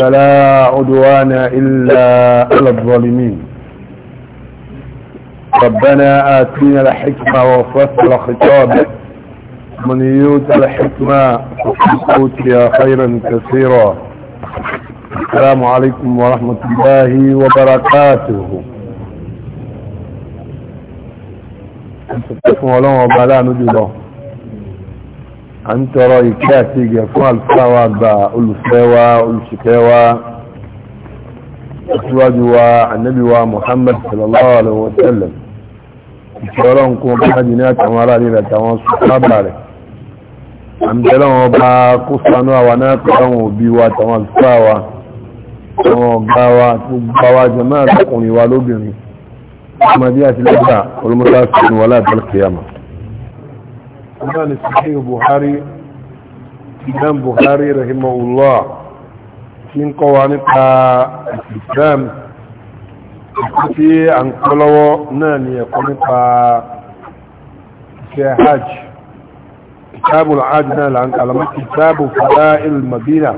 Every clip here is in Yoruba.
فلا عدوان إلا على الظالمين ربنا آتينا الحكمة وفصل خطابه من يوت الحكمة يا خيرا كثيرا السلام عليكم ورحمة الله وبركاته أنت تكون ولو وبلا نجده à ń tọrọ ìkẹ́ àti ìgẹ̀ fún àlùfáà wa àgbà olùfẹ́ wa olùṣìkẹ́ wa aṣíwájú wa ànábì wa Muhammad sallallahu alaihi wa sallam ìṣọ́rọ̀ nǹkan bá jù ní àtàwọn ará rẹ̀ àtàwọn sùpábà rẹ̀ àmìtẹ́lẹ̀ wọn bá kó sanú àwa náà pẹ̀láwọn òbí wa àtàwọn àlùfáà الإمام الصحيح بخاري الإمام بخاري رحمه الله من قوانين الإسلام في عن قلوة ناني يقول في حاج كتاب العاجنة لعن كلمة كتاب فضائل المدينة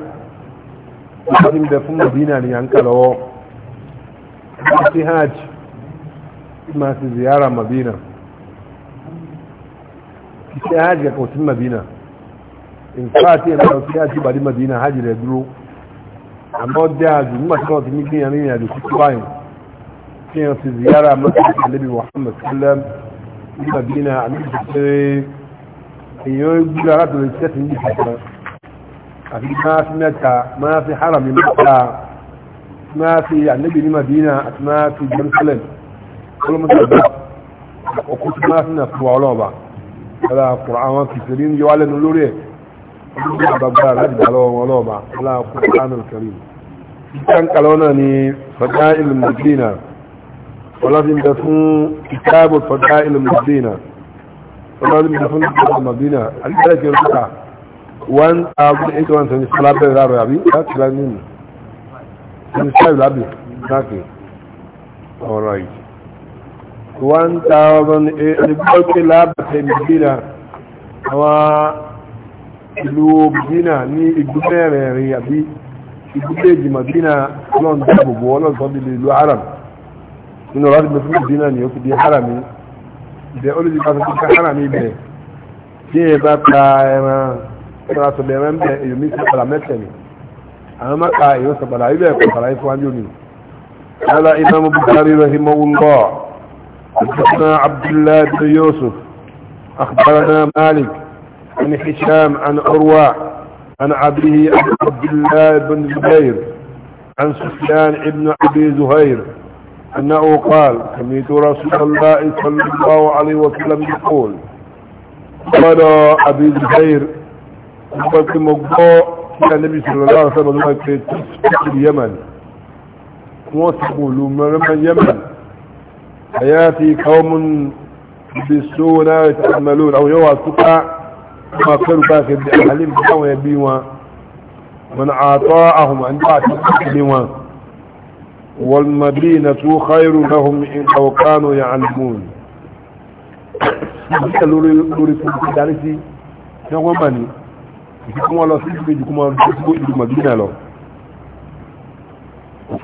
لازم دفن مدينة لعن يعني كلوة في حاج ما في زيارة مدينة iṣẹ́ hajj kò sí madina in fact ẹ̀ máa fi hajj bàdí madina hajj rẹ̀ dúró àmọ́ dẹ́ àjò nígbà tí wọ́n ti ní kí ẹ̀rin ìrìn àjò títí báyìí kí ẹ̀rin ti ziyara mọ́sálásí alẹ́bí Muhammad sallam ní madina àmì ìṣẹ́rẹ́ èèyàn gbúra látọ̀rọ̀ iṣẹ́ ti ń yí kankan àti máa fi mẹ́ta máa fi harami mẹ́ta máa fi ànábì ní madina àti máa fi Jerusalem ọlọ́mọdé ọlá kùrọ̀ àwọn kìtìrí ń yọ alẹ́nu lórí ẹ̀ ọdún tó gbàgbà láti gbà lọ́wọ́ wọn lọ́ọ̀bà ọlá kùrọ̀ ánà kẹrì ìtàn kalọ́ náà ni fọ́dá ìlú mùsùlùmí ọlọ́fin bẹ fún ìtààbò fọ́dá ìlú mùsùlùmí ọlọ́fin bẹ fún ìtààbò mùsùlùmí alẹ́kẹ̀rẹ̀ kẹrì kúta one thousand eight hundred seventy four lábẹ́ rárá àbí láti lá nínú seventy five lábẹ́ láti all right. 1000 àwọn ìlú Madina ní ìgbúgbẹ́ rẹ̀ rí àbí ìgbúgbẹ́ èjì Madina lọ́n tó gbogbo ọlọ́sọ́ nílé ìlú Haram nínú láti bẹ̀ fún Madina ni ó fi di Haram ìbẹ̀ olùdí bá fi ká Haram ibẹ̀ tí ẹ bá ta ẹran ẹran sọ̀bẹ̀ ẹran bẹ̀ èyí mi sọ̀bàlà mẹ́tẹ̀ ni àwọn mẹ́ta èyí sọ̀bàlà ibẹ̀ kọ̀ọ̀bàlà ifọ̀ anjọ́ ni. Ala Imam Bukhari rahimahullah حدثنا عبد الله بن يوسف أخبرنا مالك عن هشام عن أروى عن عبده عبد الله بن زبير عن سفيان بن أبي زهير أنه قال سميت رسول الله صلى الله عليه وسلم يقول قال أبي زهير قلت مقبوع إلى النبي صلى الله عليه وسلم يقول تسفق اليمن وصفوا لهم لما يمن فياتي قوم بالسونا يتعملون او يوا سقع ما كانوا باك بأهلهم بحوا يبيوا من عطاءهم عن بعد والمدينة خير لهم إن لو كانوا يعلمون lórí lórí fún ìdarí sí tí wọ́n bà ní ìfikún wọn lọ sí ìgbé jùkú wọn gbogbo ìlú Madina lọ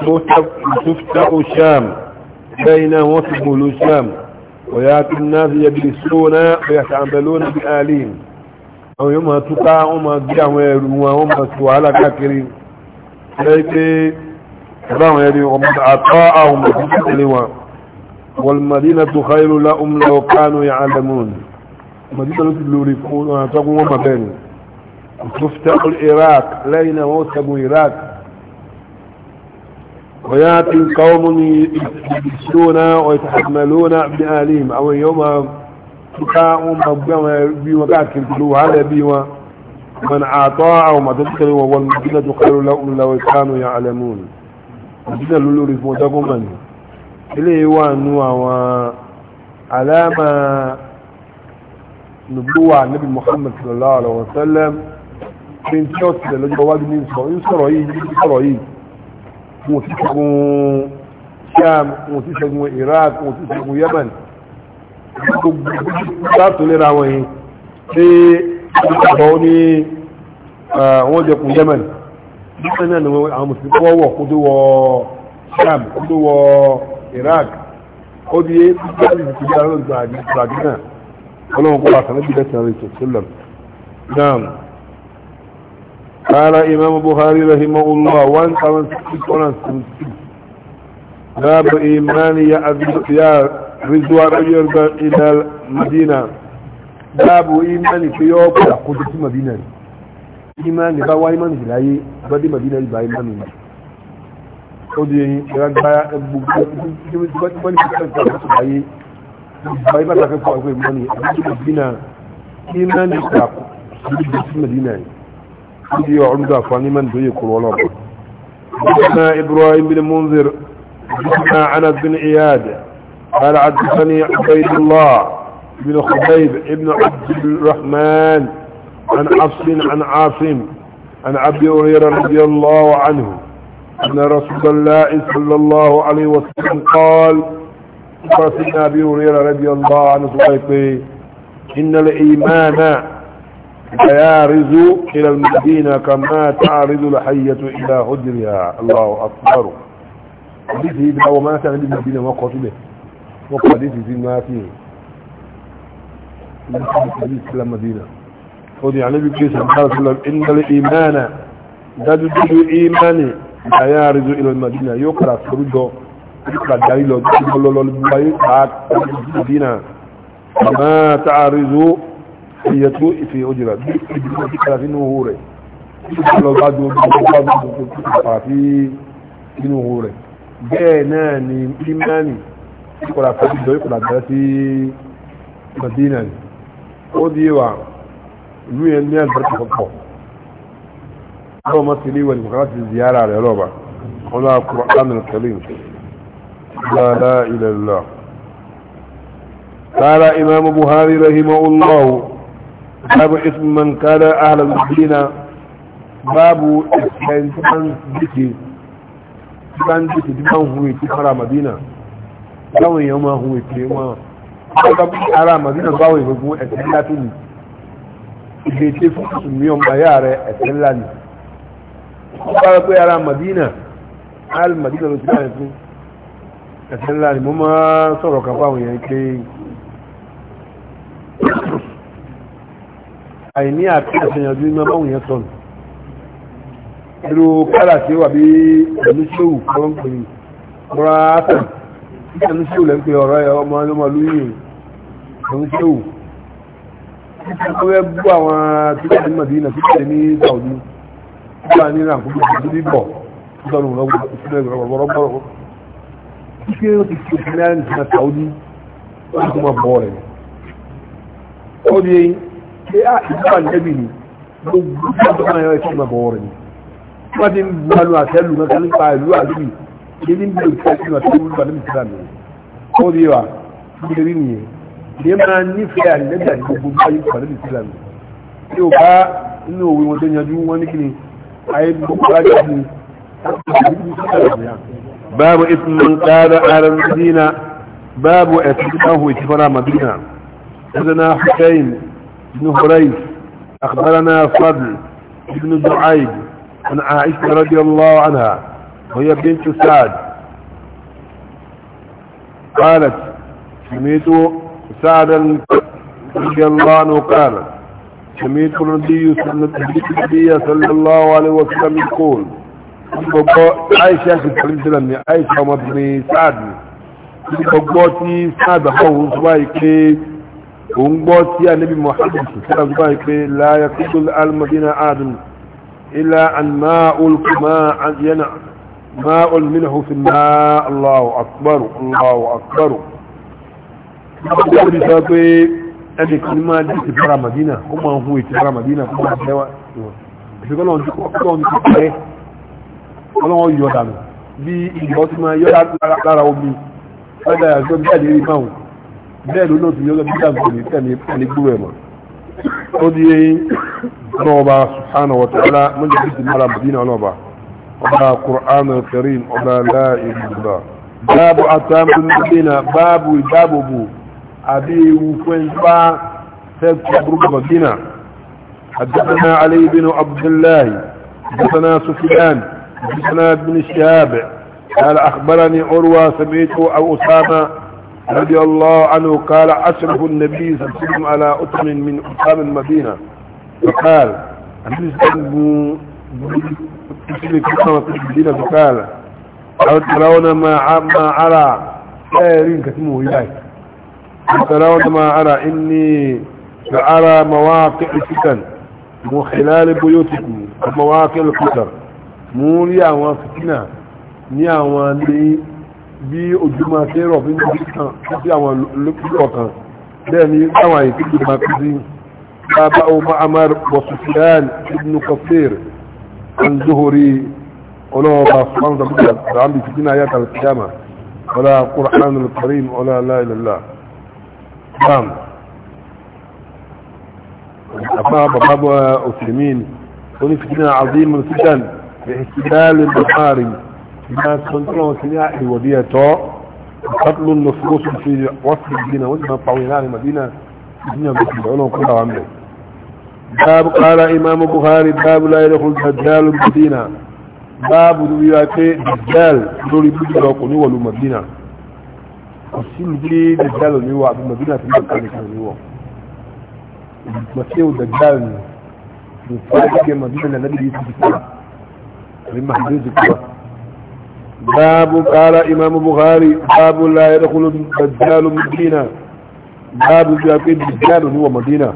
tó ṣe ó ṣáàmù بينهم وفقه الإسلام ويأتي الناس يجلسون ويتعملون بآلين أو يوم تقع وما تقع ويرموا وما سوالك كريم لكي رام يدي ومن عطاءهم بسلوا والمدينة خير لهم لو كانوا يعلمون مدينة تلوريكون ويعتقوا وما بين تفتح العراق لين ووسب العراق وياتي قوم يسلون ويتحملون بآلهم او يوم تقاوم بما كاكل كلوا هذا بما من اعطاهم تذكر المدينة قالوا لهم لو كانوا يعلمون مدينة لولو رزمو تقومني إليه وانوا علامة نبوة النبي محمد صلى الله عليه وسلم من توصل لجواج من صلى الله عليه وسلم wọn ti ṣẹ́gun sham wọn ti ṣẹ́gun iraq wọn ti ṣẹ́gun yemen gbogbo látò lera wọn yìí ṣé ọ̀pọ̀ ní wọ́n jẹkùn yemen yemen náà ni àwọn mùsùlùmí kọ́ wọ̀ kó tó wọ sham kó tó wọ iraq ó di é bíbélì náà ọlọ́run kọ́ قال إمام بخاري رحمه الله وان قوان سكتونا سمسك باب إيمان يا رزوى رجل إلى المدينة باب إيمان في يوم قدس مدينة إيمان بوا إيمان في العي بدي مدينة با إيمان ودي يرد با إيمان في العي إيمان في مدينة níbi عمدا فاني من yẹ kúrò حدثنا إبراهيم بن منذر حدثنا عنس بن إياد قال حدثني عبيد الله بن خبيب ابن عبد الرحمن عن عفص عن عاصم عن عبد هريرة رضي الله عنه أن رسول الله صلى الله عليه وسلم قال قال سيدنا أبي هريرة رضي الله عنه إن الإيمان فيارز إلى المدينة كما تعرض الحية إلى هدرها الله أكبر حديثه بأو ما كان عند المدينة وقت به وقديث في ما فيه الحديث إلى المدينة قد يعني بكي صلى الله عليه وسلم إن الإيمان تجد إيمان فيارز إلى المدينة يقرأ سرده يقرأ دليله يقرأ المدينة كما تعرض iye tó ìfì òjìlá bí ibi tó ti kára sínú owó rẹ̀ tó lọ bá dúró bí ó bá dúró tó ti pàpà sí inú owó rẹ̀ bẹ́ẹ̀ náà ni imani ìkọ̀lá pẹ̀lú ìjọ ìkọ̀lá bẹ̀rẹ̀ sí madina ni ó di wa ìlú yẹn ní àgbẹ̀rẹ̀ pọ̀pọ̀ ọlọ́wọ́ ní ìwẹ̀ nìkan láti ziyara rẹ̀ lọ́ba ọlọ́wọ́ akọ̀rọ̀ ánà kẹlẹ́ لا إله إلا الله قال إمام بخاري رحمه الله babu ism man kana ahlal madina babu ism man dike ban dike ban huwe ti fara madina báwọn èèyàn máa hun ètò wọn ọgbà ara madina báwọn ìgbógun ẹ̀sẹ̀ ńlá tó ní ìgbè tí fún ìsúnmí ọmọ ayá rẹ ẹ̀sẹ̀ ńlá ni ó bá pé ara madina al madina ló ti bá ẹ̀sẹ̀ ẹ̀sẹ̀ ńlá ni mo máa sọ̀rọ̀ kan àìní àti àṣẹyànjú iná báwọn yẹn sọ̀nù irú kára tí ó wà bí ẹ̀mí ṣéwù kọ́ ń pè mọ́ra ápẹ̀ ẹ̀mí ṣéwù lẹ́ ń pè ọ̀rọ̀ ẹ̀ ọmọ ọmọ lóyìn ẹ̀mí ṣéwù ó fẹ́ bú àwọn títà ní Madina títà ní Saudi títà ní ràǹkúrú títà ní bọ̀ títà ní rọ̀bọ̀rọ̀bọ̀rọ̀ kíkẹ́ ó ti kí ó fi náírà ní Saudi ó ti kó máa bọ̀ rẹ̀ ó di pé à ìgbà nẹ́bì ni gbogbo ìgbà máa yọ ìfẹ́ ìgbàgbọ́ rẹ̀ ni wọ́n ti ń gbanu àtẹ́lù náà kálí pa ìlú àdúgbì ní ní ìlú ìfẹ́sìn àti ìlú ìgbà nẹ́bì sílá mi ó di wa ní rí nìyẹn ní máa nífẹ̀ẹ́ ànẹ́bì àti gbogbo ìgbà yìí ìgbà nẹ́bì sílá mi tí ó bá inú òwe wọn tó yanjú wọn ní kíni ayé gbogbo ajá ni babu ismin qala aran dina babu asbihu tifara madina حدثنا حسين بن هريس أخبرنا فضل بن دعيب عن عائشة رضي الله عنها وهي بنت سعد قالت سميت سعدا رضي الله عنه قال سميت النبي صلى الله عليه وسلم يقول عائشة عائشة ومبني سعد بقوتي سعد sáàdà ọ̀hún tó òun gbọ́ tí anabi muhammad sọ́dọ̀ gbọ́ pé láyà kúkú almadina adùn ilá an máa olùkú máa yana máa olùmínà hufin máa allahu akbaru allahu akbaru ọjọ́ sọ pé ẹni kan ní máa dìtì fara madina ó máa ọlọ́wọ́ yọ̀dà bí ìgbọ́ tí máa yọ́ lára omi ọjọ́ ìyàgbọ́ bí àdéhìí máa hùn bẹ́ẹ̀ ló lóòtú yóò bí dàgbò ní tẹ̀lé pẹ̀lú gbúrò ẹ̀mọ̀ ó di ọlọ́ọba subhanahu wa ta'ala mọ́jọ́ bí ti mara bùdínà ọlọ́ọba ọba qur'an karim ọba láìlúgbà báàbù àtàmùlùmọ́dínà báàbù ìdáàbòbò àbí ewu fẹ́ńfà fẹ́ẹ̀kì burúkú bàdínà حدثنا علي بن عبد الله حدثنا سفيان حدثنا بن شهاب قال أخبرني عروة سمعته أو اسامه رضي الله عنه قال أشرف النبي صلى الله عليه وسلم على أطم من أطام المدينة فقال النبي صلى الله عليه وسلم فقال أو ترون ما ما أرى سائرين كتموه او ترون ما أرى إني لأرى مواقع الفتن من خلال بيوتكم مواقع الفتن مولي أوان فتنة ني أوان bí ojúmọ́ kérò fi ní kan sí àwọn olókùnkọ̀ kan bẹ́ẹ̀ ni àwọn àyíkú ti máa kú sí bàbá ọmọ amar bọ̀sùfìyàn ibn kafir an zuhuri ọlọ́ọ̀bà fún àwọn àmì fìdí náà yàtà kìyàmà ọlá kùrán al-karim ọlá aláìlélá bam àpá bàbá bọ́ òfìmín onífìdí náà azim al-fitan bi ihtilal al-bukhari ما تنطلون سنيا الودية تو قتل النفوس في وصف المدينة وزما طويلان المدينة الدنيا بتدعون كل عمله باب قال إمام بخاري باب لا يدخل دجال المدينة باب دوياتي دجال دوري بجل وقني ولو مدينة وصل بي دجال ونيوة عبد المدينة في مكة نيوة مسيو دجال نفاجئ مدينة النبي يسجد لما حديث كبير باب قال امام بخاري باب لا يدخل الدجال مدينه باب جاكيد الدجال هو مدينه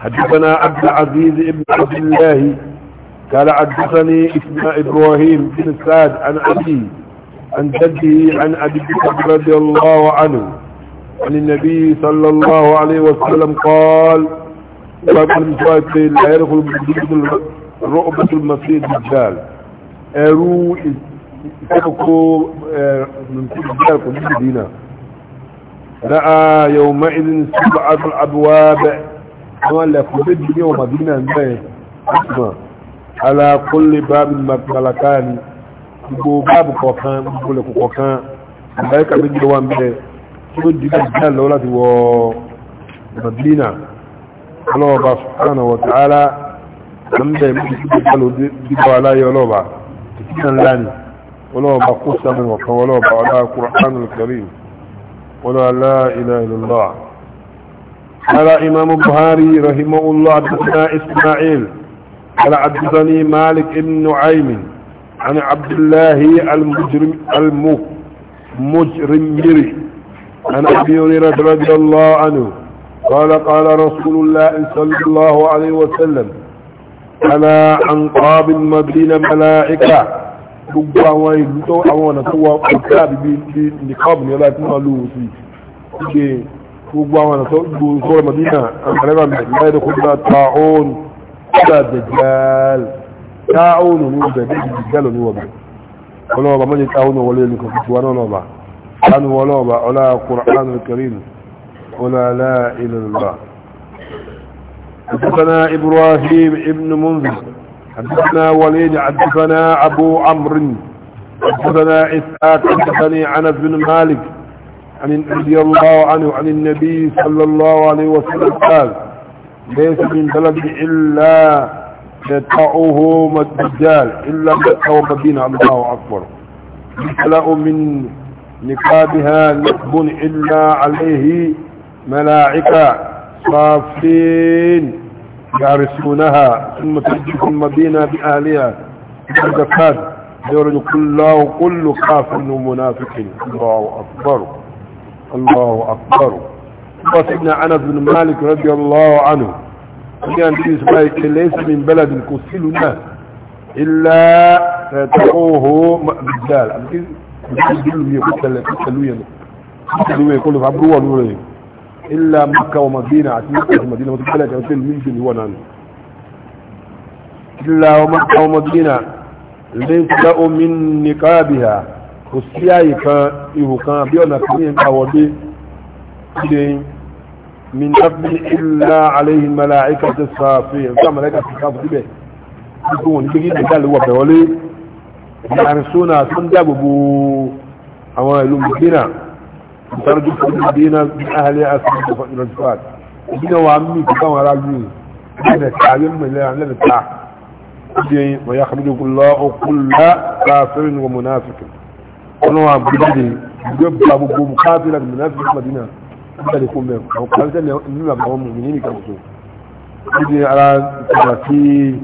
حدثنا عبد العزيز بن عبد الله قال حدثني اسماء ابراهيم بن سعد عن ابي عن جده عن ابي بكر رضي الله عنه عن النبي صلى الله عليه وسلم قال باب لا يدخل الرؤبة المسيح الدجال ẹ̀rú ìsẹ́kọ̀kọ́ ẹ̀rùnkúrò kò ní ìdínà ra'a yau ma'izin sílọ̀ abuwa bẹ wọn lẹ́kùn méjì ní ọmọ dínà mẹ́rin ọmọ alákùnlé bábi makalaka ni gbogbo báàbù kọ̀ọ̀kan gbogbo lẹ́kùn kọ̀ọ̀kan àbáyíkà méjì wà mẹ́rẹ̀ tí ó dìgbà dínà lọ́wọ́ láti wọ madina ọlọ́ọ̀bá sọ́kànà wọ̀tàálá àmì bẹ̀rẹ̀ méjì tí ó dìgbà láyé ọlọ́ọ̀bá لاني ولو ما بقصة من وقت ولو بعلاء القرآن الكريم ولا لا إله إلا الله قال إمام البخاري رحمه الله عبدنا إسماعيل قال عبدني مالك بن عيم عن عبد الله المجرم المجرمري عن أبي هريرة رضي الله عنه قال قال رسول الله صلى الله عليه وسلم على أنقاب المدينة ملائكة gbogbo àwọn ìlú tó àwọn ọ̀nà tó wọ ọ̀pẹ́ àbíbí bí nìkọ́ọ̀bù ní ọláìtí náà lóòwò sí ṣe gbogbo àwọn ọ̀nà tó gbogbo sọ́rọ̀ Madina àgbàlẹ́gbà mẹ́rin kó gbá taon kódà dẹ̀jẹ́l taon ní ọbẹ̀ bí dẹ̀jẹ́l ní ọbẹ̀ ọlọ́ọ̀bà mọ́jẹ́ taon wọlé ní kọfí tiwa náà ọba sanu wọlọ́ọ̀bà ọlá Qur'anul Karim ọlá ilẹ̀ حدثنا إبراهيم ابن منذر حدثنا وليد حدثنا أبو عمرو حدثنا إسحاق حدثني عنس بن مالك عن رضي الله عنه عن النبي صلى الله عليه وسلم قال ليس من بلد إلا يدفعه الدجال إلا مكة ومدينة الله أكبر يخلع من نقابها نقب إلا عليه ملاعكة صافين يعرسونها ثم تجد المدينة بأهلها بأدفات يولد كله كل كافر ومنافق الله أكبر الله أكبر وسيدنا أنس بن مالك رضي الله عنه كان في سبايك ليس من بلد كسلنا إلا تقوه بالدال يقول لك يقول لك يقول لك يقول لك إلا مكة ومدينة مكة ومدينة وتبقى لك أنت المنزل هو نان إلا مكة ومدينة ليس له من نقابها وسياي كان إيه كان بيونا كمين أودي من قبل إلا عليه الملائكة الصافية كان ملائكة الصافية به يكون بيجي بدل هو بيولي يعرسونا سنجابوا أوان المدينة ترجو المدينة من أهلها أسفل الرجفات ابن وعمي كتان راجلين هذا التعليم اللي عن هذا التعليم ويخرجك الله كل كافر ومنافق ونوع بجد يبقى ابو مقاتل المنافق في المدينة هذا يكون بهم او قالت ان انما بقوا مؤمنين كانوا يجي على في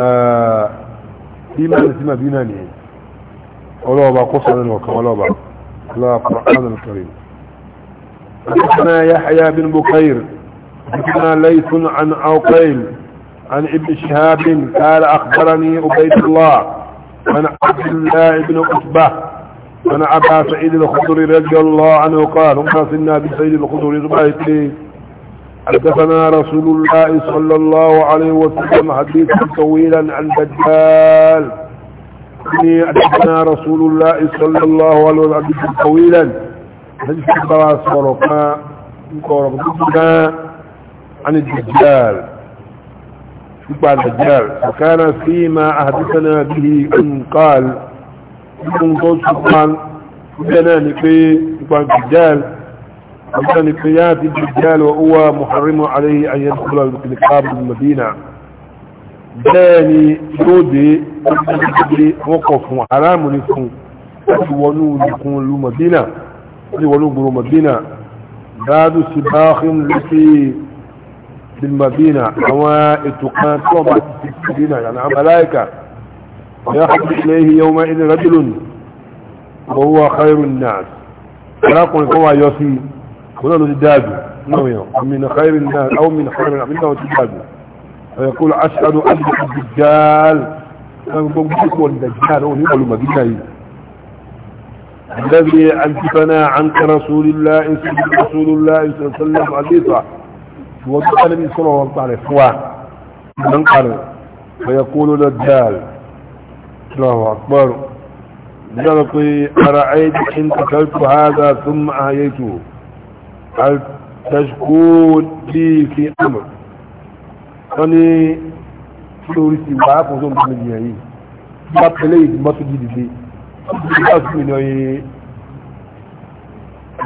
آه في ما نسمى بينا نيه ولو بقى قصة لنا وكما لو بقى لا القرآن الكريم حدثنا يحيى بن بكير حدثنا ليث عن عقيل عن ابن شهاب قال أخبرني عبيد الله عن عبد الله بن عتبة عن أبا سعيد الخضري رضي الله عنه قال هم صلنا بسيد الخضري رضي حدثنا رسول الله صلى الله عليه وسلم حديثا طويلا عن دجال حدثني حدثنا رسول الله صلى الله عليه وسلم طويلا حديث براس ورقاء عن الدجال بعد الدجال فكان فيما أحدثنا به أن قال ابن قول سبحان فكنا نقي بعد الدجال وكان نقيات الدجال وهو محرم عليه أن يدخل الكتاب المدينة bẹ́ẹ̀ni yóò dé ọdún wọ́n kọ̀ fún aráàmù ní fún láti wọnú nìkún lu Madina láti wọnú gbòrò Madina dáadù sí báhìm lọ́sí bin Madina àwọn ètò kan tó wọ́n bá ti ti Madina yàrá àmàláìkà ya haɗu ilẹ̀ yau ma idan rajulun ba huwa khairun nas arákùnrin kan wá yọ sí wọn lọ sí dáadù náà yàn min khairun nas au min khairun abinda wọn ti dáadù ويقول أسأل أن الدجال فنقول الدجال هو يقول مدينة الذي أنتفنا عنك رسول الله رسول الله صلى الله عليه وسلم هو وقال من صلى الله عليه وسلم من قال فيقول الدجال الله أكبر يلقي أرأيت إن قتلت هذا ثم أهيته هل تشكون لي في أمر wọ́n ní lórí ti wà á fún tó ń bá nìyẹn yìí bí wọ́n pẹ̀lẹ́ yìí mọ́ tó dìde dé bí wọ́n sì ní ọyẹ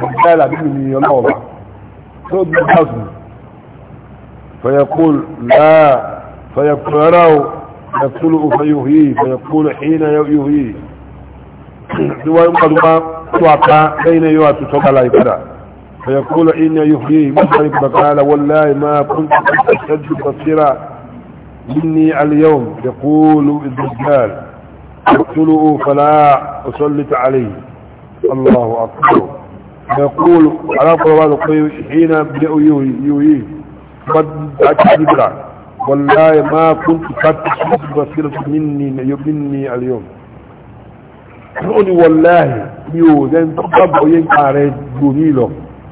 ọ̀gá ìlà bí mi ọlọ́ọ̀bà tó di bá sùn fẹ̀yẹ̀kúl tí wọ́n ń pàdùmá tó àpá lẹ́yìn náà yóò àtúntọ́ فيقول إن يحييه مصرف فقال والله ما كنت أشد بصيرا مني اليوم يقول الدجال اقتلوا فلا أسلط عليه الله أكبر يقول على قرآن حين بدأوا يهيه قد أكبر والله ما كنت قد أشد بصيرة مني مني اليوم يقول والله يو ذن تقبل ينقى له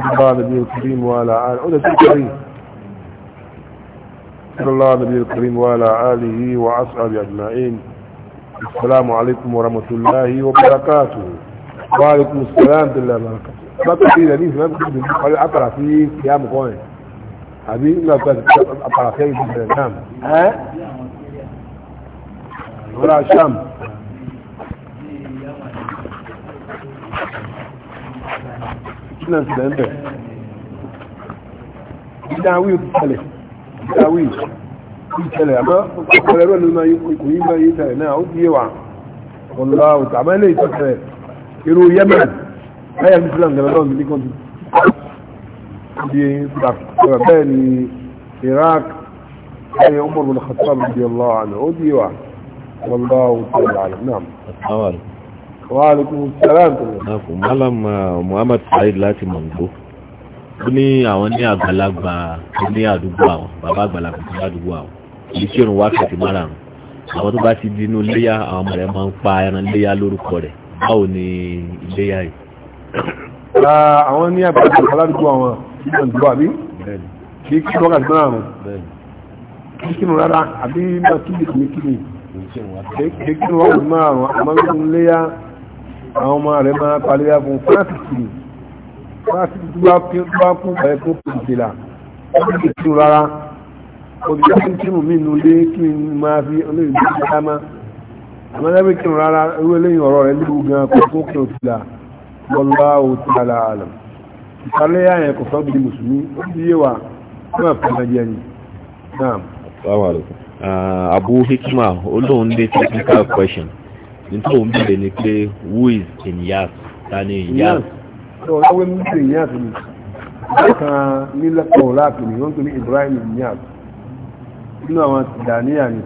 الله نبي الكريم وعلى آله عدة الكريم صلى الله نبي الكريم وعلى آله وأصحابه أجمعين السلام عليكم ورحمة الله وبركاته وعليكم السلام بالله وبركاته bákan bí ilẹ̀ ní ìfẹ́ bí ìlú kọ́lé apàrà sí kìámù kan ẹ̀ àbí ilẹ̀ ọ̀tọ̀ apàrà sí ìlú sínú ìsìlẹ̀ ń bẹ̀ ìdáwí ìtẹ̀lẹ̀ ìdáwí ìtẹ̀lẹ̀ àmọ́ ọ̀pọ̀lẹ̀ rẹ̀ lónà kò yí bá ìtẹ̀lẹ̀ náà ó díẹ̀ wà ọ̀lá òtà àmọ́ ilé ìtẹ̀lẹ̀ irú yemen láyé ní islam gẹ̀rẹ́ lọ́nà ní kọ́ntù di ìgbà bẹ́ẹ̀ ni iraq ayé umar bin khattab radiyallahu anhu ó díẹ̀ wà ọ̀lá òtà àmọ́ náà wa alaikum salam tó lọ. Uh, muhammad saheed láti mọ̀ǹdó ó ní àwọn ní àgbàlagbà ní àdúgbò àwọn bàbá àgbàlagbà ní àdúgbò àwọn èyí tí òun wá kẹ̀kẹ́ márùn-ún àwọn tó bá ti di inú iléyà àwọn ọmọ rẹ̀ máa ń pa ẹran iléyà lórúkọ rẹ̀ báwo ni iléyà yìí. àwọn ní àgbàlagbà aládùúgbò àwọn ìgbọ̀n ìgbọ̀ àbí kí kí wọ́n kàtí márùn-ún àwọn ọmọ rẹ̀ máa pariwo fún fásitì fásitì tó bá kún ẹ̀ tó kù ìdìlà ó ti tún rárá ó ti tún kírun mí nu lé kí n máa fi olóyìn tó ti dáná àmọ́ lẹ́bí kírun rárá ewé lẹ́yìn ọ̀rọ̀ rẹ̀ nílùú gan kó tó kírun ìdìlà lọ́lá òtí àlàálẹ̀ ìsàlẹ̀ àyẹ̀ kò sọ́ bí mùsùlùmí ó ti yé wa fún àpẹẹrẹ jẹ ni náà. Uh, Abu Hikma, Olóhun dé technical question nítorí òun bèèrè ni pé who is Inyas ta ni Inyas. ọ̀rọ̀ wẹ́n mi ṣe Inyas ni ọ̀kan nílẹ̀ pọ̀ láàpù ni wọ́n tó ní Ibrahim Inyas nínú àwọn tìdàníyà ni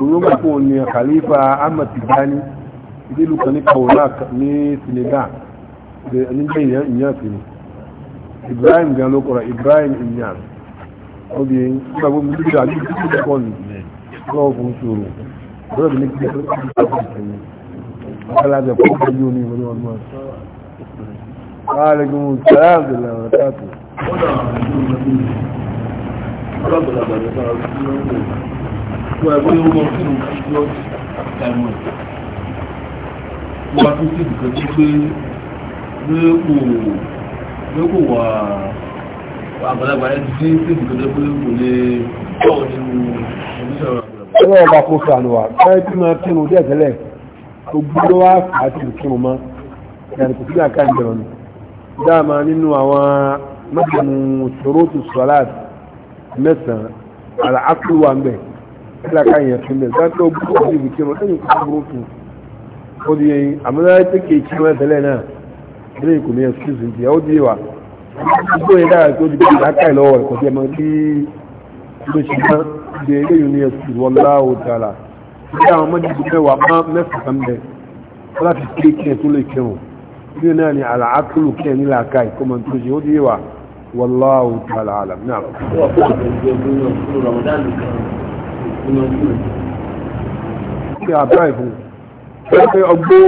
òun mọ̀ pé òun ni Khalifa Ahmed Tijani ìdílù kan ní kọ̀ọ̀lá ní Senegal nígbà Inyas ni Ibrahim gan ló kọ̀rọ̀ Ibrahim Inyas obìnrin nígbà gbogbo nígbà gbogbo nígbà kọ́ ni lọ́wọ́ fún ṣòro lọ́dọ̀ bí ní kí ẹ̀kọ́ alájọ kó ojú omi ìwọ̀n wọn mọ́ Alaikum salam dìlà ọ̀tàtù. Wọ́n tún sí ìdìkan tí pé lé kò wà àgbàlagbà ẹ̀ tí sí ìdìkan tí pé kò lè tọ́ nínú oníṣẹ́ ọ̀rọ̀ ọlọ́wọ́ bá kó sàánù wà fẹ́ẹ́ tí máa kírun díẹ̀ tẹ́lẹ̀ tó gbúdọ̀ wá àti ìkírun mọ́ ìyàrá kò sí àká ìjọba ni dáàmà nínú àwọn mẹ́tẹ̀mù ṣòro tó sọ́láàt mẹ́sàn-án àlà ákúrú wà ń bẹ̀ ẹ̀dá ká yẹn fún bẹ̀ gbàgbé ó gbúdọ̀ sí ìkírun lẹ́yìn kó burú tó ó di yẹn àmúlá tí kì í kí wọn tẹ́lẹ̀ náà lẹ́yìn kò ní ẹ̀sùn sí ó di bẹ̀ eléyìí ní ẹ̀sùn wallahu ta'ala bí àwọn mọ́jìdì mẹ́wàá má mẹ́fà kan bẹ̀ láti pé kí ẹ̀ tó lè kẹrùn bí náà ni àlàákùlù kí ẹ̀ nílà káì kó máa tó ṣe ó díyẹ̀wà wallahu ta'ala alam náà. ṣé àbúrò ìfún pé ọgbó.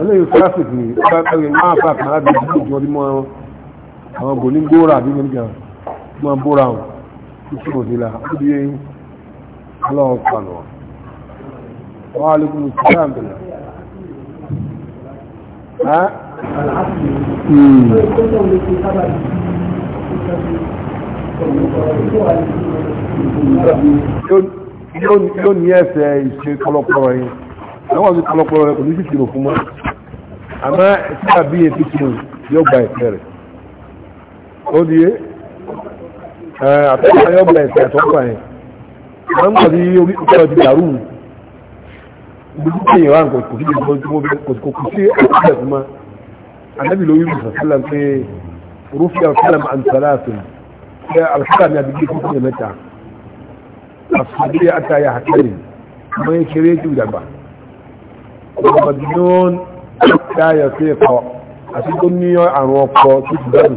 eléyìí fásitì ní ọgbà pẹ̀lú máa bá àkàrà bí ìdílé ìjọba àwọn bò ní góòrà àbí nígbà máa bóra wọn títí kò sí la ó di eyín ọlọ́run pàlọ́ wọ́n á lékún sí láàbẹ̀lẹ̀ yóò ní ẹsẹ̀ ìṣe kọlọpọ̀rọ̀ yìí àwọn ìṣe kọlọpọ̀rọ̀ rẹ̀ kò ní sí kìlò fún mọ́ àmọ́ ẹ̀sẹ̀ àbí ètùtù yóò gba ẹ̀fẹ́ rẹ̀ ó di yé àtẹ́kọ̀ọ́ yọ bẹ̀rẹ̀ sí àtọ́kọ̀ yẹn wọ́n ń pọ̀ sí orí ìpínlẹ̀ ti dàrú gbogbo tí èèyàn wà nǹkan kò sí ìgbìmọ̀ tí wọ́n bẹ̀rẹ̀ kò kò sí àtúnṣe fún ma ànábì lórí ìrùsọ̀ sílẹ̀ pé rúfin àfẹ́lẹ̀ máa ń sọ̀rọ̀ àfẹ́ ṣe àlùfáà ní abigbé fún ìpínlẹ̀ mẹ́ta àfẹ́lẹ́ àtàyà àkẹ́lẹ̀ mọ́ ń kéré jù dàgbà ọ̀gbọ̀n àti tó ní àrùn ọkọ̀ tó ti dàrú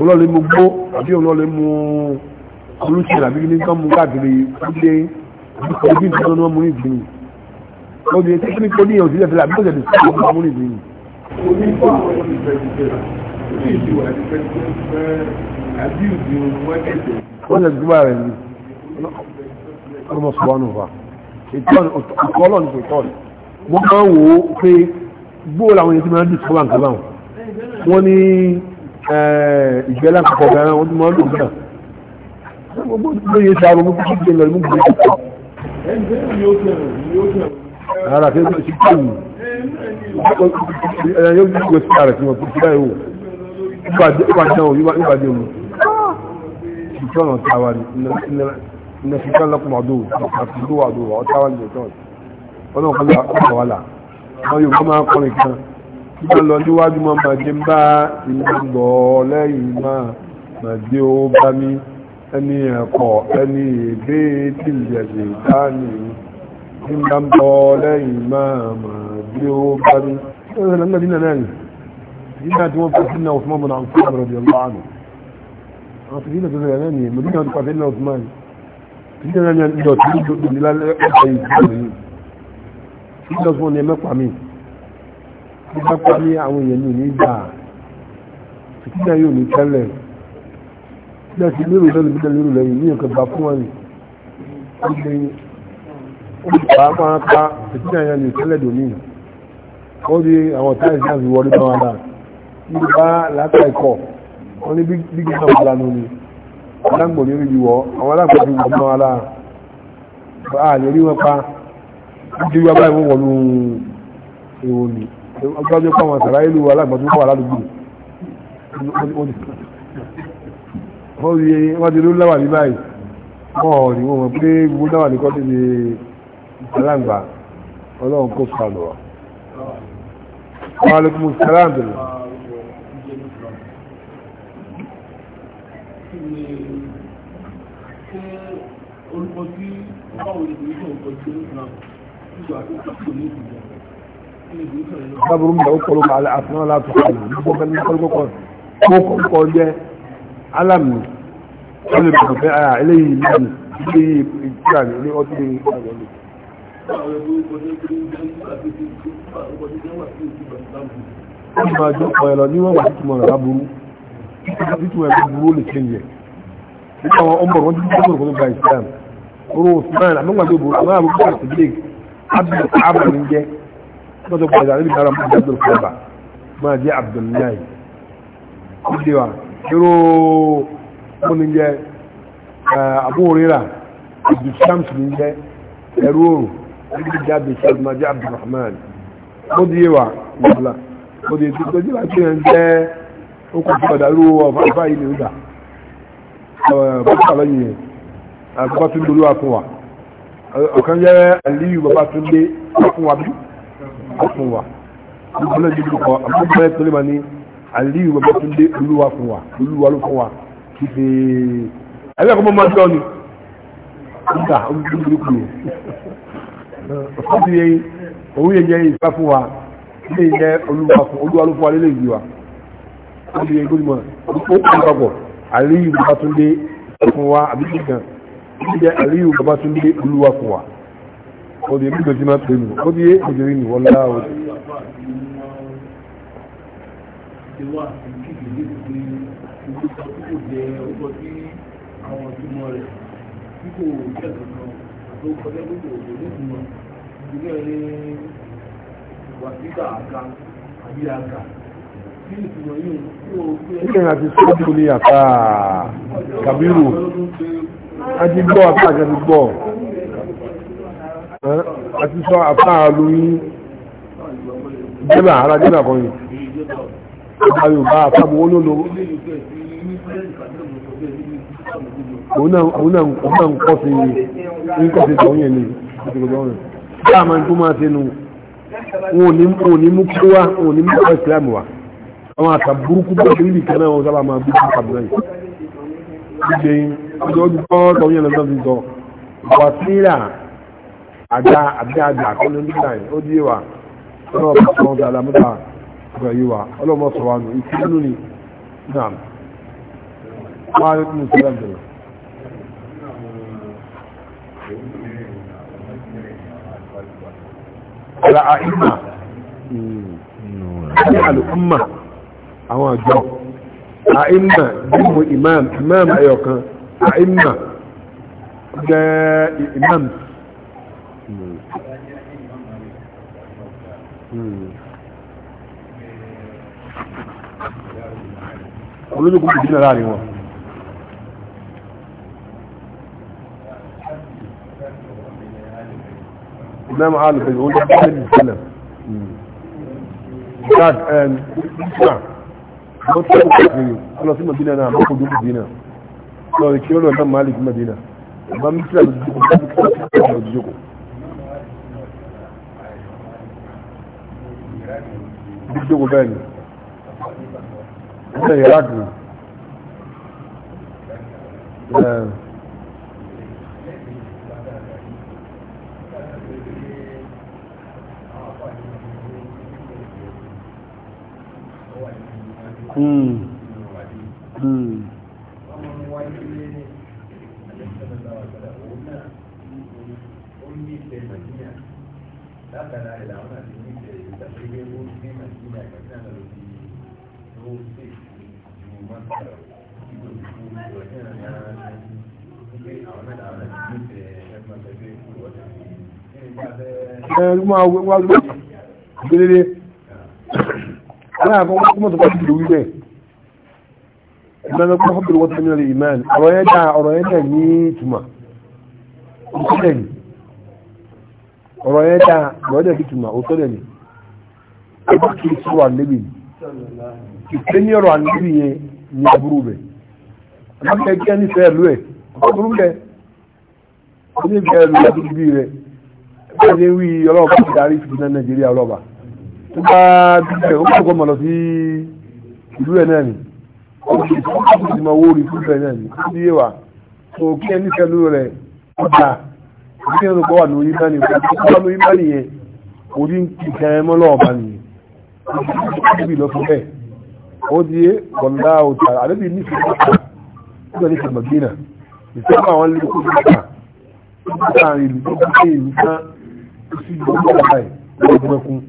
olóòlé mú gbó àbí olóòlé mú olùsẹ̀ àbí ní nǹkan mú káàkiri gbé ojú ìtàn náà mú ní ìdíni ó di etí kíní kó ní ìyàn òsílẹ̀ fẹ́lẹ̀ àbí ọ̀sẹ̀ ìdíni kó máa mú ní ìdíni. omi fún àwọn ìfẹ́ ìfẹ́ ìfẹ́ ìfẹ́ ìfẹ́ ìfẹ́ àbí ìdí wọn kẹ̀kẹ́. wọ́n ṣe gbúgbà rẹ̀ ni ọmọ sọ̀wọ́nù wa ìtọ́ni ọ̀kọ́lọ́ni kò tọ́ni Eh, ìgbẹ́lá kọ̀kọ̀ gan an ọdún mọ́lù náà gbogbo lóye sáré gbogbo tó gbé lọ gbogbo ìgbà ara tí ó ti kú ẹ̀yà yóò gbé gbogbo sí ara tí wọ́n fi báyìí wò ìgbà náà ìgbà dé mu ṣùgbọ́n ọ̀nà táwa ni ilẹ̀ ṣùgbọ́n lọ́kùnrin àdó àti ìlú àdó ọ̀táwa ni ìjọ ọ̀nà kan lọ́kùnrin wà lá àwọn máa kọrin kan máa lọ níwájú mọ́ máa jẹ́ bá ìlú lọ lẹ́yìn máa máa jẹ́ ó bá mi ẹni ẹ̀kọ́ ẹni èdè tí ìjẹ̀jẹ̀ ìdáni ní bá ń bọ́ lẹ́yìn máa máa jẹ́ ó bá mi ẹ̀rọ lọ́nà dínà náà ni dínà tí wọ́n fi sínú Usman mọ́nà àwọn fún ọmọdé ọlọ́run àwọn fi dínà tó sọ̀rọ̀ náà mo dínà pàṣẹ náà Usman dínà náà ni ọjọ́ tí ó ní pápá ní àwọn èèyàn ní nígbà fìtínà yóò ní tẹ́lẹ̀ bẹ́ẹ̀ sì lérò lẹ́nu bí lérò lẹ́yìn ní nǹkan bá fún wọn ni ó lè ó máa pa fìtínà yẹn ní tẹ́lẹ̀ dòní ó di àwọn táyì sáà wọlé bá wọn náà ní bá látà ikọ̀ wọn ní bí gbígbà wọn lánàá ni alágbò ní orí ìwọ àwọn alágbò ti wọ̀ mọ́ aláà àà lè rí wọn pa ó wọn báyìí wọ́n wọ̀ lóhun ni ọjọ́jọ́ pọ̀ wọn sàrá ìlú alágbàtún wà ládùúgbò wọ́n ti ló láwà ní báyìí wọ́n ò ní wọ́n mọ̀ pé gbogbo láwà ní kọ́tí ní alágbà ọlọ́run kó sàlọ̀ wa. wàhálùkùmù sàrán bẹ̀rẹ̀. orúkọ tí báwo ni kò ní sọ̀rọ̀ kọjú ní ìgbà tó kàkó ní ìgbà dábùrú mi ò kọlu kàlẹ́ àfihàn láti kọlu nígbà bẹ́ẹ̀ ní kọlu kọkọ kó kọkọ jẹ́ alámi wọ́n lè bọ̀ fẹ́ àyà eléyìí lẹ́nu eléyìí ìtura ní ilé ọtí ní ìgbàgbọ́lù. wọ́n máa jọ ọ̀yọ̀ lọ níwọ̀n wà títúmọ̀ rẹ̀ láburú títúmọ̀ rẹ̀ burú lè ṣe yẹ nígbà wọn ọmọ wọn títí sọ́kùnrin kò tó gba ìsìlámù oró mọ́tò gbọ́dọ̀ níbi ara mọ́tò abdul kaba máa jẹ́ abdullahi ìdí wa irú múni jẹ́ abúrírà abdulshams ní jẹ́ ẹrú òrùn níbi jẹ́ abdulshams máa jẹ́ abdulrahman ó di wa wàhálà ó di tó jẹ́ láti yẹn jẹ́ ó kò tó padà irú ọ̀fà yìí ni ó dà bàtà lọ́yìn yẹn àgbàtúndolówà fún wa ọ̀kan jẹ́ aliyu babatunde fún ó fún wa olùkọ́lẹ̀ ní ìlú kan àbúgbẹ́ tó lè máa ní àlíyù bàbá tó lé olúwa fún wa olúwa ló fún wa kí ṣe ẹgbẹ́ kan mọ́ máa jọ ni nígbà olùkọ́lẹ̀ burúkú ni ọ̀sán ti yẹ òun yẹ yẹ ìfẹ́ fún wa ilé yẹ olúwa fún olúwa ló fún wa lélẹ̀ yìí wa ó ti yẹ gbódìmọ̀ ó kún papọ̀ àlíyù bàbá tó lé fún wa àbí kíkan ó ti yẹ àlíyù bàbá tó lé olúwa fún wa ó di ẹgbẹ́ tí máa e, O mí ó di é ìjẹ́rí nìwọ́n láàwọ̀ Ìkẹ̀yìn àti sọ́jú ní àtàà kàbírù, a ti gbọ́ àtàà kẹ́ ti gbọ́ àti sọ àfáà lóyún jẹ́bà ara jẹ́bà kan yìí ọba yorùbá àfáàbò wọn lólo òun náà ń kọ́ sí ní kọ́ sí tọ́yẹ̀ ní ìṣẹ́gbẹ̀gbẹ̀ ọ̀rẹ́ láàmà tó máa ṣe nù wọn ò ní mú kí wá wọn ò ní mú kọ́ ìsìlámù wa àwọn àtàbúrúkú bọ́ọ̀ sí ìkẹ́ náà wọn sábà máa bí kí kàbí náà yìí gbígbé ọjọ́ ọdún kọ́ tọ́yẹ̀ lọ́sọ́ fi sọ wàsílà àgbà àbí àgbà kọ́lé nígbà yìí ó díè wà ọlọ́wọ́ bá sọ ọ́dà alámúta ọgbà yìí wà ọlọ́wọ́ sọ wà nù ìtìlú ni náà wà á nù sílẹ̀ jùlọ. Ala àìmà ní àlùkùnmà àwọn àjọ àìmà bímọ imam imam ẹyọkan àìmà jẹ́ imams Hmm. olójú kò kò dínà láàrin wọn. imam alu bẹ̀rẹ̀ oúnjẹ bẹ́ẹ̀ ní ìṣẹ̀lẹ̀ hmm. dad ẹn nígbà wọ́n tẹ́ kò kò kiri ọlọ́ sí madina náà mọ́ kò dúkù dínà lọ́ọ̀rì kí ó lọ́ọ̀ náà máàlì kí madina jókòó bẹ́ẹ̀ ni ilẹ̀ yàrá dùn Hmm. ọ̀rọ̀ yẹn dáa lọ́dẹ̀ bí tùmà ó sọ́dẹ̀ ni ọba kì í sọ̀rọ̀ àlébì ni ìpè ní ọ̀rọ̀ àlébì yẹn ní aburú bẹ̀ ọba kẹ́kẹ́ nífẹ̀ẹ́ lú ẹ̀ ọba burú bẹ̀ ó ní ìfẹ́ lú ẹ̀ bí rẹ̀ ẹ̀rẹ́ wí ọlọ́ọ̀bá ti darí ìfìdí nàìjíríà ọlọ́ọ̀bá tó bá bíbẹ̀ ó kọ́kọ́ mọ̀ lọ sí ìlú ẹ̀ náà ni ó ti mọ owó orí fún ìfẹ́ náà ni ó ti yé wa tó kí ẹni fẹ́lú rẹ̀ ọjà kí ẹni kọ́ wà lórí mẹ́rin kọ́ wà lórí mẹ́rin yẹn orí ń kí kẹrẹ mọ́ lọ́ọ̀bá ni ó di yé bọ̀ǹda sí gbogbo ọ̀la ẹ̀ lọ́wọ́ gbẹ́kún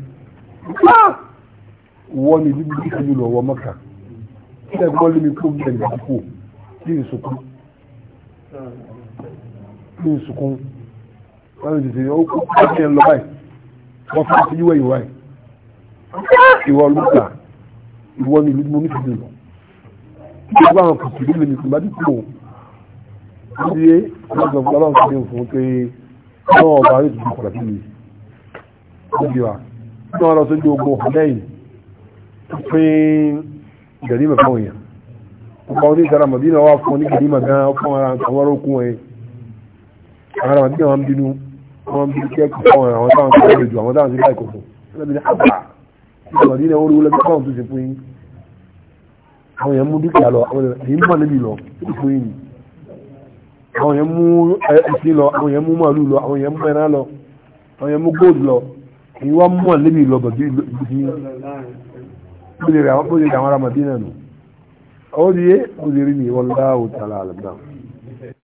wọ́n ni bíbí bí kìlú lọ́wọ́ mọ́kà kí ẹ gbọ́ lémi kó bẹ̀rẹ̀ bí kò kí n sunkún kí n sunkún wọ́n ni tètè ó kó kí ẹ lọ báyìí wọ́n fún ti yíwẹ̀ ìwà ẹ̀ ìwọ lùkà ìwọ ni ìlú mo ní kìlú lọ kí ẹ gbọ́ àwọn kìlú lémi kò bá dì ó di é ọlọ́gbọ̀n ọlọ́gbọ̀n fún pé ọdíwà tí wọ́n lọ sí ojú ogun ọ̀lẹ́yìn tó pín gẹ̀rímẹ̀ fún èèyàn ọkọ̀ orí ìsára mọ̀dínà wà fún ní gẹ̀rímẹ̀ gan ọkọ̀ àwọn arókún ẹ̀ àwọn mọ̀dínà wọn bínú wọn bí kẹ́kọ̀ọ́ fún àwọn táwọn mú ẹ̀sìn lọ àwọn èèyàn mú màlúù lọ àwọn èèyàn mú ẹran lọ àwọn èèyàn mú góòdù lọ èyí wọ́n mú àlébi ìlọ́bọ̀ bí ìlú bí ó lè rà wọ́n bó lè rà nù ó di yé ó lè rí ni wọ́n láwùtà láàlú náà.